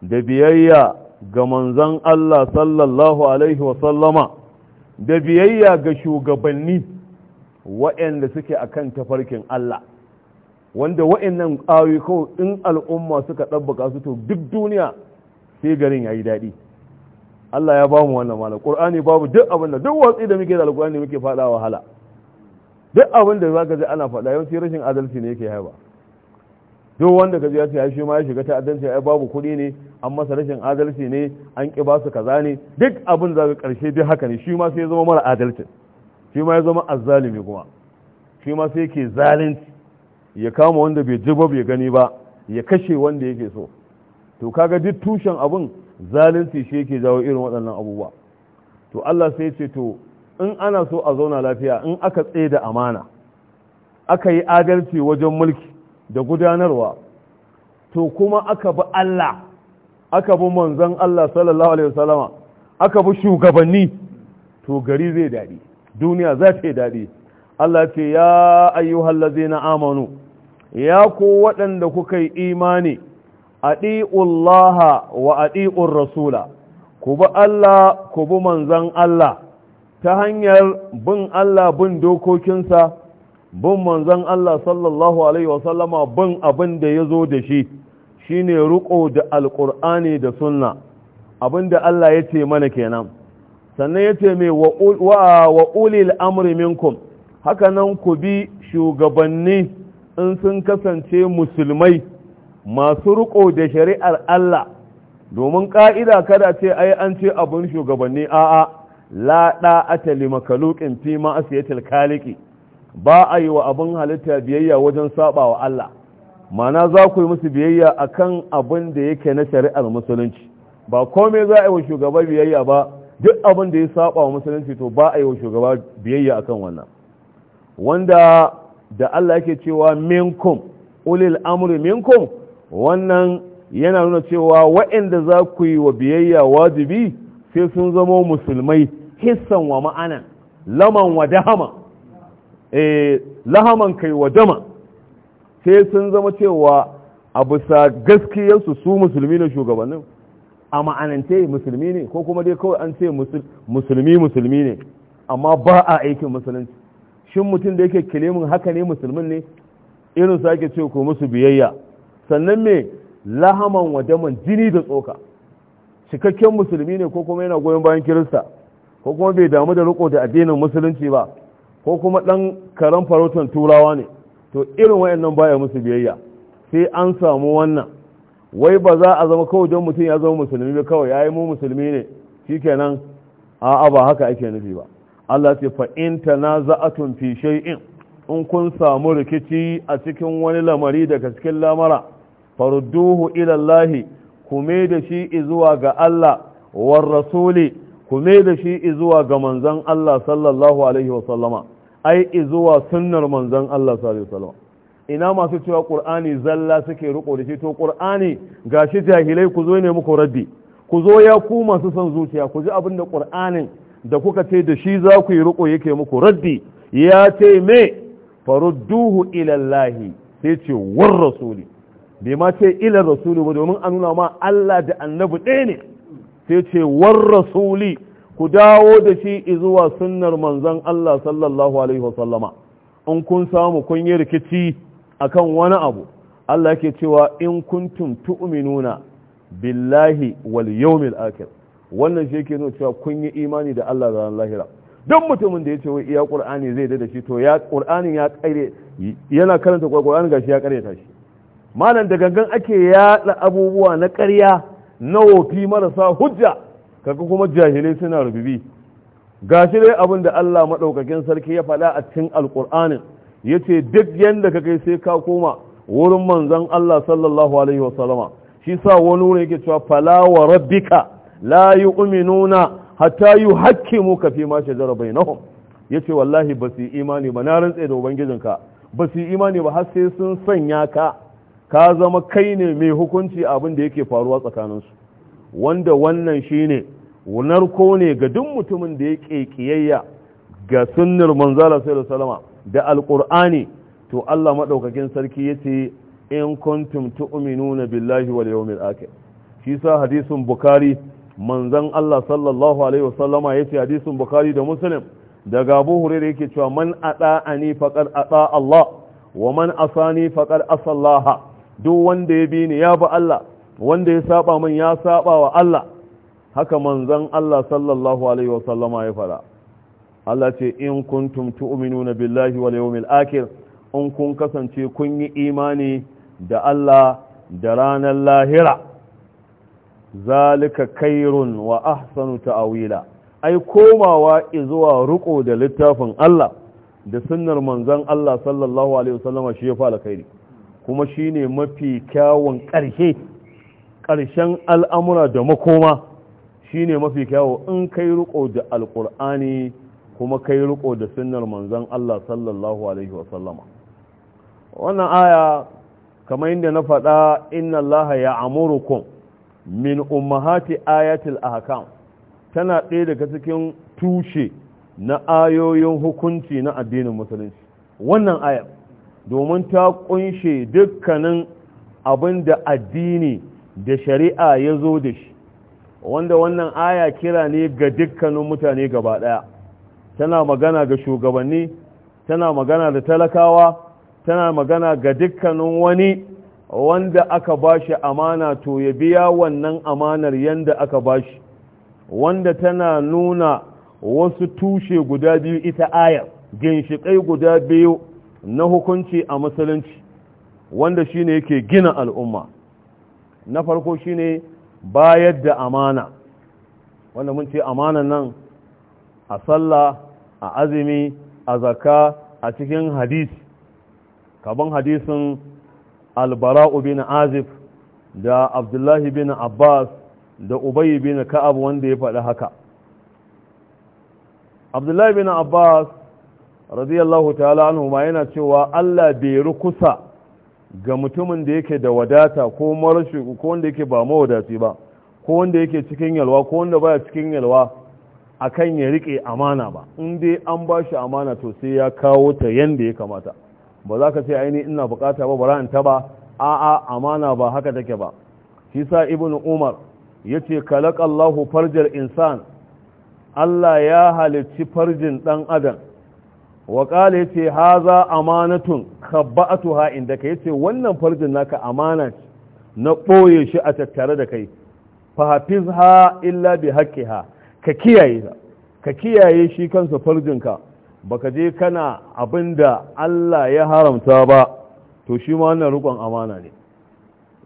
da biyayya ga manzon Allah sallallahu Alaihi wasallama da biyayya ga shugabanni wayanda suke akan tafarkin Allah wanda wa'annan ƙawai ko in al'umma suka ɗabbaka su to duk duniya sai garin ya yi daɗi Allah ya mu wannan malam Qur'ani babu duk abin da duk watsi da muke da Alƙur'ani muke faɗa wahala duk abin da ka ji ana faɗa yawanci rashin adalci ne yake haiba duk wanda ka ya ce shi ma ya shiga ta'addanci ya babu kuɗi ne an masa rashin adalci ne an ƙi ba su kaza ne duk abin za ka ƙarshe duk haka ne shi ma sai ya zama mara adalci shi ma ya zama azzalimi kuma shi ma sai ke zalunci ya kama wanda bai ji ba bai gani ba ya kashe wanda yake so to kaga duk tushen abun zalunci shi yake jawo irin waɗannan abubuwa to Allah sai ce to in ana so a zauna lafiya in aka tsaye da amana aka yi adalci wajen mulki da gudanarwa to kuma aka bi Allah aka bi manzon Allah sallallahu alaihi wasallama aka bi shugabanni to gari zai daɗi duniya za ta yi daɗi Allah ce ya ayyuhal na amanu ya ku waɗanda kuka yi imani adiullaha wa adiur rasula ku bi Allah ku bi manzan Allah ta hanyar bin Allah bin dokokinsa bin manzon Allah sallallahu alaihi wa sallama bin abin da yazo da shi shine riƙo da Alƙur'ani da sunna abinda Allah ya ce mana kenan sannan ya ce mai wa ulil amri minkum haka nan ku bi shugabanni in sun kasance musulmai masu riko da shari'ar Allah domin ka'ida kada ce ai an ce abin shugabanni a'a la ɗa'ata li makalukin fi ma'asiyatil kaliki ba a yi wa abin halitta biyayya wajen saba wa Allah mana za ku yi musu biyayya akan abin da yake na shari'ar musulunci ba kome za a yi wa shugaba biyayya ba duk abin da ya saba wa musulunci to ba a yi wa shugaba biyayya akan wannan wanda da Allah yake cewa minkum ulil amri minkum wannan yana nuna cewa waɗanda za ku yi wa biyayya wajibi sai sun zama musulmai hissan wa ma'ana laman wa dahama eh lahaman kai wa dama sai sun zama cewa a bisa gaskiyarsu su musulmi ne shugabannin a ma'anance musulmi ne ko kuma dai kawai an ce musulmi musulmi ne amma ba a aikin musulunci shin mutum da yake kilimin haka ne musulmin ne irin sake ake ce ko musu biyayya sannan me lahaman wa daman jini da tsoka cikakken musulmi ne ko kuma yana goyon bayan kirista ko kuma bai damu da riko da addinin musulunci ba ko kuma dan karan farautan turawa ne to irin wayannan baya musu biyayya sai an samu wannan wai ba za a zama kawai don mutum ya zama musulmi ba kawai yayi mu musulmi ne shikenan a'a ba haka ake nufi ba Allah ce fa in tanaza'atun fi shay'in in kun samu rikici a cikin wani lamari daga cikin lamara farudduhu ila Allah kume da shi izuwa ga Allah war rasuli kume da shi izuwa ga manzon Allah sallallahu alaihi wasallama ai izuwa sunnar manzon Allah sallallahu alaihi wasallama ina masu cewa qur'ani zalla suke riko da shi to qur'ani gashi jahilai ku zo ne muku raddi ku zo ya ku masu son zuciya ku ji abin da qur'anin da kuka ce da shi za ku yi riko yake muku raddi ya ce me farudduhu ilallahi sai ce war rasuli bai ma ce ilar rasuli ba domin a nuna ma Allah da annabi ɗaya ne sai ce war rasuli ku dawo da shi zuwa sunnar manzon Allah sallallahu alaihi wasallama in kun samu kun yi rikici akan wani abu Allah yake cewa in kuntum tu'minuna billahi wal yawmil akhir wannan shi yake nuna cewa kun yi imani da Allah ranar lahira don mutumin da ya ce wai iya qur'ani zai da shi to ya qur'ani ya kare yana karanta qur'ani gashi ya kare ta shi malam da gangan ake yaɗa abubuwa na ƙarya na wofi marasa hujja kaga kuma jahilai suna rububi gashi dai abin da Allah maɗaukakin sarki ya faɗa a cikin alƙur'anin ya duk yadda ka kai sai ka koma wurin manzon Allah sallallahu alaihi wasallama shi sa wani wurin yake cewa fala wa rabbika la yu'minuna hatta muka fi ma shajara bainahum yace wallahi ba su imani ba na rantsa da ubangijinka ba su imani ba har sai sun sanya ka ka zama kai ne mai hukunci abin da yake faruwa tsakaninsu wanda wannan shine narko ne ga duk mutumin da ya kiyayya ga sunnar manzala sallallahu salama da alqur'ani to Allah madaukakin sarki yace in kuntum tu'minuna billahi wal yawmil akhir shi sa hadisin bukhari manzon Allah sallallahu alaihi wasallama yace hadisin bukhari da muslim daga abu hurairah yake cewa man ata'ani faqad ata Allah wa man asani faqad asallaha duk wanda ya bi ni ya bi Allah wanda ya saba min ya saba wa Allah haka manzan Allah sallallahu alaihi wasallama ya faɗa. Allah ce in kuntum tu'minuna billahi wal yawmil akhir in kun kasance kun yi imani da Allah da ranar lahira zalika kairun wa ahsanu ta'awila ai komawa zuwa ruko da littafin Allah da sunnar manzon Allah sallallahu alaihi wasallama shi ya fara kairi kuma shine mafi kyawun karshe karshen al'amura da makoma shine mafi kyawu in kai ruko da alqur'ani kuma kai riko da sunnar manzon Allah sallallahu alaihi wasallama wannan aya kamar inda na faɗa inna allaha ya'murukum min ummahati ayatul ahkam tana ɗaya daga cikin tushe na ayoyin hukunci na addinin musulunci wannan ayar domin ta kunshe dukkanin abin da addini da shari'a ya zo da shi wanda wannan aya kira ne ga dukkanin mutane gaba ɗaya tana magana ga shugabanni tana magana da talakawa tana magana ga dukkanin wani wanda aka bashi amana to ya biya wannan amanar yanda aka ba shi wanda tana nuna wasu tushe guda biyu ita ayar ginshiƙai guda biyu na hukunci a musulunci wanda shine yake gina al'umma na farko shine bayar da amana wanda mun ce amanan nan a sallah a azumi a zaka a cikin hadisi kaban hadisin albara'u bin azif da abdullahi bin abbas da ubayi bin ka'ab wanda ya faɗi haka abdullahi bin abbas radiyallahu ta'ala anhu ma yana cewa allah bai rukusa ga mutumin da yake da wadata ko marashi ko wanda yake ba mawadaci ba ko wanda yake cikin yalwa ko wanda baya cikin yalwa akan ya rike amana ba in dai an ba shi amana to sai ya kawo ta yanda ya kamata ba za ka ce aini ina bukata ba bara ta ba a'a amana ba haka take ba shi sa ibnu umar ce kalakallahu farjar insan Allah ya halicci farjin ɗan adam wa qala yace haza amanatun ka ka ce wannan farjin naka amana na ɓoye shi a tattare da kai fa ha illa bi haƙƙi ka kiyaye ka kiyaye shi kansa farjinka baka je kana abinda Allah ya haramta ba to shi ma wannan rukun amana ne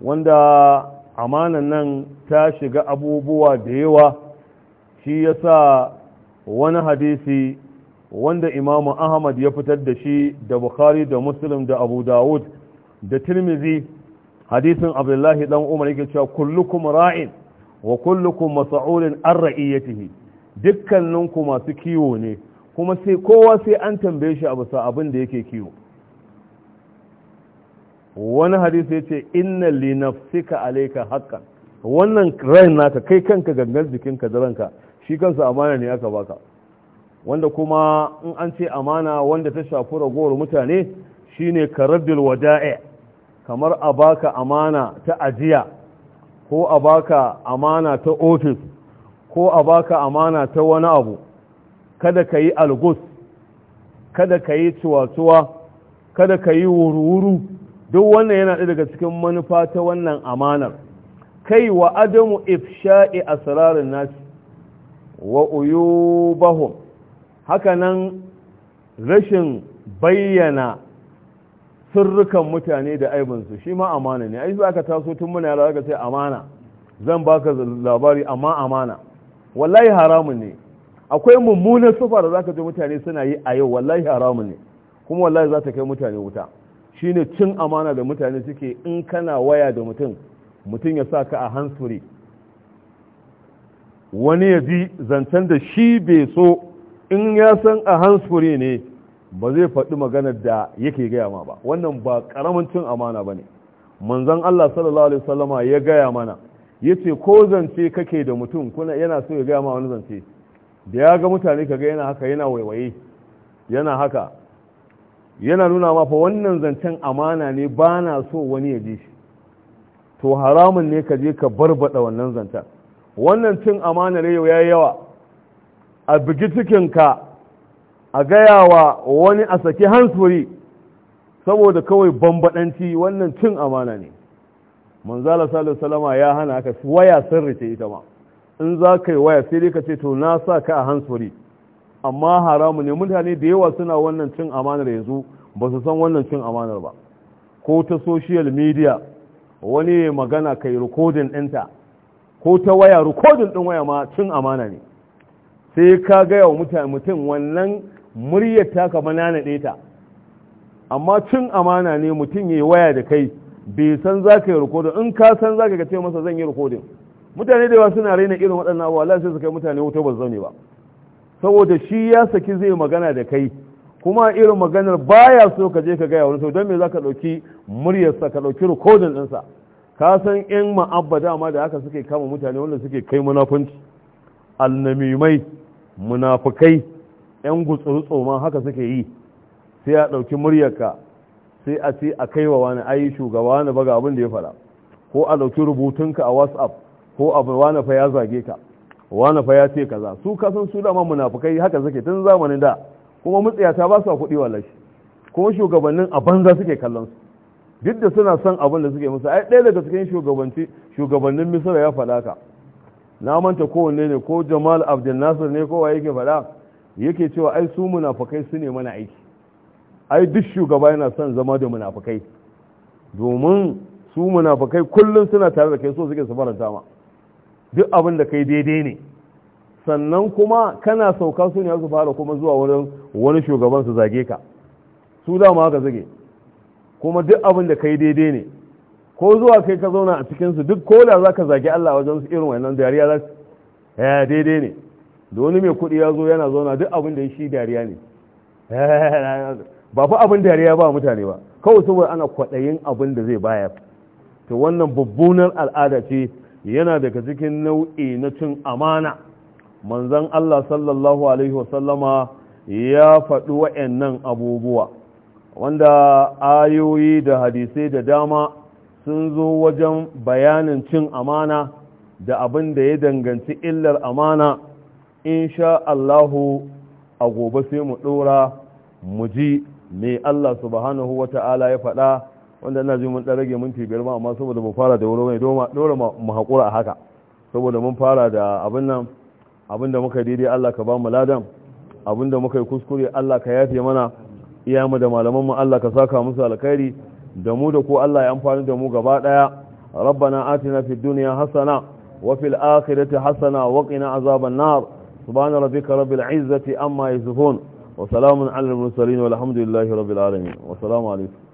wanda amanan nan ta shiga abubuwa da yawa shi yasa wani hadisi wanda imamu ahmad ya fitar da shi da bukhari da muslim da abu dawud da tirmizi hadisin abdullahi dan umar yake cewa kullukum ra'in wa kullukum mas'ulun an ra'iyatihi dukkaninku masu kiwo ne kuma sai kowa sai an tambaye shi abu sa abin da yake kiwo wani hadisi ya ce inna li nafsika alayka haqqan wannan ran naka kai kanka gangar jikinka da ranka shi kansa amana ne aka baka wanda kuma in an ce amana wanda ta shafi ragowar mutane shine karaddul wada'i kamar a baka amana ta ajiya ko a baka amana ta ofis ko a baka amana ta wani abu kada ka yi algus kada ka yi cuwa kada ka yi wuru-wuru duk wannan yana daga cikin manufa ta wannan amanar kai wa adamu ifsha'i asrarin nasi wa uyubahum hakanan rashin bayyana sirrukan mutane da aibinsu shi ma amana ne aizu aka taso tun muna yara aka ce amana zan baka labari amma amana wallahi haramun ne akwai mummunan sufa da zaka ji mutane suna yi a yau wallahi haramun ne kuma wallahi za ta kai mutane wuta shine cin amana da mutane suke in kana waya da mutum mutum ya sa ka a hansuri wani ya ji zancen da shi bai so in ya san a hansuri ne ba zai faɗi maganar da yake gaya ma ba wannan ba ƙaramin cin amana ba ne manzan Allah sallallahu alaihi wasallama ya gaya mana yace ko zance kake da mutum yana so ya gaya ma wani zance da ya ga mutane kaga yana haka yana waiwaye yana haka yana nuna ma wannan zancen amana ne ba na so wani ya ji shi to haramun ne ka je ka barbada wannan zancen wannan cin amana ne yau yayi yawa a bugi cikinka a gayawa wani a saki hansuri saboda kawai bambadanci wannan cin amana ne manzala sallallahu Salama ya hana haka waya sirri ce ita ma in za ka yi waya sai dai ka ce to na sa ka a hansuri amma haramu ne mutane da yawa suna wannan cin amanar yanzu ba su san wannan cin amanar ba ko ta social media wani magana ka yi rikodin ɗinta ko ta waya rikodin ɗin waya ma cin amana ne sai ka gaya wa mutane mutum wannan muryar ta kama nanaɗe ta amma cin amana ne mutum ya yi waya da kai bai san za ka yi rikodin in ka san za ka ce masa zan yi rikodin mutane da yawa suna raina irin waɗannan abubuwa Allah sai su kai mutane wuta ba zaune ba saboda shi ya saki zai magana da kai kuma irin maganar baya so ka je ka gaya wani sau don me za ka ɗauki muryarsa ka ɗauki rikodin ɗinsa ka san in ma'abba dama da haka suke kama mutane wanda suke kai munafunci annamimai munafukai yan gutsurutso ma haka suke yi sai a ɗauki muryarka sai a ce a kai wa wani ayi shugaba wani baga abin da ya faɗa ko a ɗauki rubutunka a whatsapp ko abu wani fa ya zage ka wani fa ya ce kaza su kasan su da man munafukai haka suke tun zamanin da kuma mutsiyata ba su kuɗi lashi kuma shugabannin a banza suke kallon su duk da suna son abin da suke musu ai ɗaya daga cikin shugabanci shugabannin misira ya faɗa ka na manta kowanne ne ko jamal abdul nasir ne kowa yake faɗa yake cewa ai su munafukai su ne mana aiki ai duk shugaba yana son zama da munafukai domin su munafukai kullum suna tare da kai so suke su faranta ma duk abin da kai daidai ne sannan kuma kana sauka su ne su fara kuma zuwa wurin wani shugaban su zage ka su dama ka zage kuma duk abin da kai daidai ne ko zuwa kai ka zauna a cikinsu duk ko da za ka zage Allah wajen su irin wannan dariya za su ya eh, daidai ne da wani mai kuɗi ya zo yana zauna duk abin da shi dariya ne eh, ba fa abin dariya ba mutane ba kawai saboda ana kwaɗayin abin da zai bayar to wannan bubbunar al'ada ce yana daga cikin nau'i na cin amana manzan Allah sallallahu alaihi wasallama ya faɗi wa'annan abubuwa wanda ayoyi da hadisai da dama sun zo wajen bayanin cin amana da abin da ya danganci illar amana in sha Allahu a gobe sai mu ɗora mu ji mai Allah subhanahu wa ta'ala ya faɗa wanda ina ji mun ɗan rage minti biyar ma amma saboda mu fara da wuri doma dora mu haƙura a haka saboda mun fara da abin nan abin da muka daidai Allah ka ba mu ladan abin da muka yi kuskure Allah ka yafe mana iya mu da malaman mu Allah ka saka musu alkhairi da mu da ko Allah ya amfani da mu gaba daya ربنا آتنا hasana الدنيا حسنة وفي الآخرة حسنة وقنا عذاب النار سبحان ربك رب العزة أما يصفون وسلام على المرسلين والحمد لله رب العالمين والسلام عليكم